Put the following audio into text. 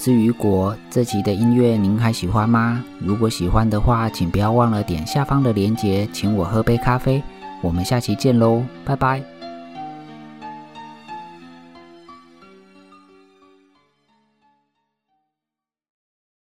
我是雨果，這期的音樂您還喜歡嗎？如果喜歡的話，請不要忘了點下方的鏈接，請我喝杯咖啡，我們下期見嘍，拜拜。